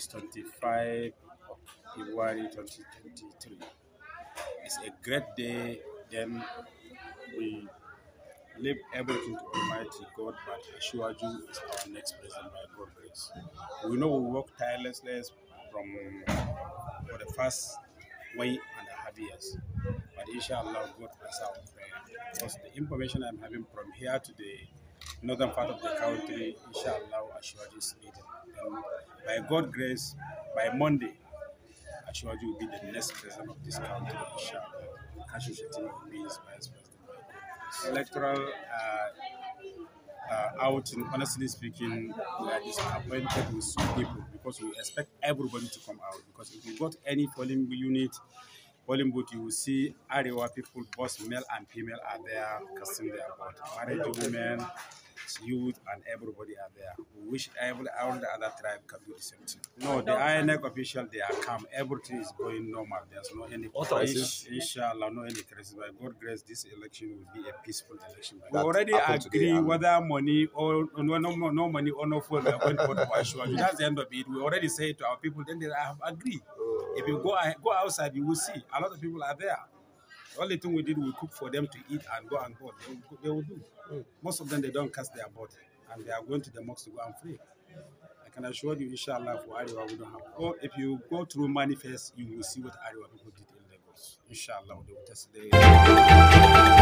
is 25 of February 2023. It's a great day, then we leave everything to Almighty God, but assure you, it's our next president by God's grace. We know we work tirelessly from for the first one and half years, but inshallah, God bless our prayer. Because the information I'm having from here today northern part of the country, inshallah, Ashwaji is leading. And by God's grace, by Monday, Ashwaji will be the next president of this country, inshallah. Kashim will be his vice president. Electoral uh, uh, outing, honestly speaking, we are disappointed with some people because we expect everybody to come out. Because if we got any polling unit, polling booth, you will see Arewa people, both male and female, are there casting their vote. Married women, youth, and everybody are there. We wish every all the other tribe can do the same thing. No, the INEC official, they are calm. Everything is going normal. There's no any crisis. Inshallah, no any crisis. By God's grace, this election will be a peaceful election. That we already agree whether money or no, no, no money or no food, we are going to vote for Ashwa. That's the end of it. We already say to our people, then they have agreed. If you go go outside, you will see a lot of people are there. The only thing we did, we cook for them to eat and go and board. They will, they will do. Hmm. Most of them, they don't cast their body, and they are going to the mosque to go and pray. I can assure you, inshallah, for Ariwa, we don't have. Or if you go through manifest, you will see what Ariwa people did in Lagos. Inshallah, they will test the.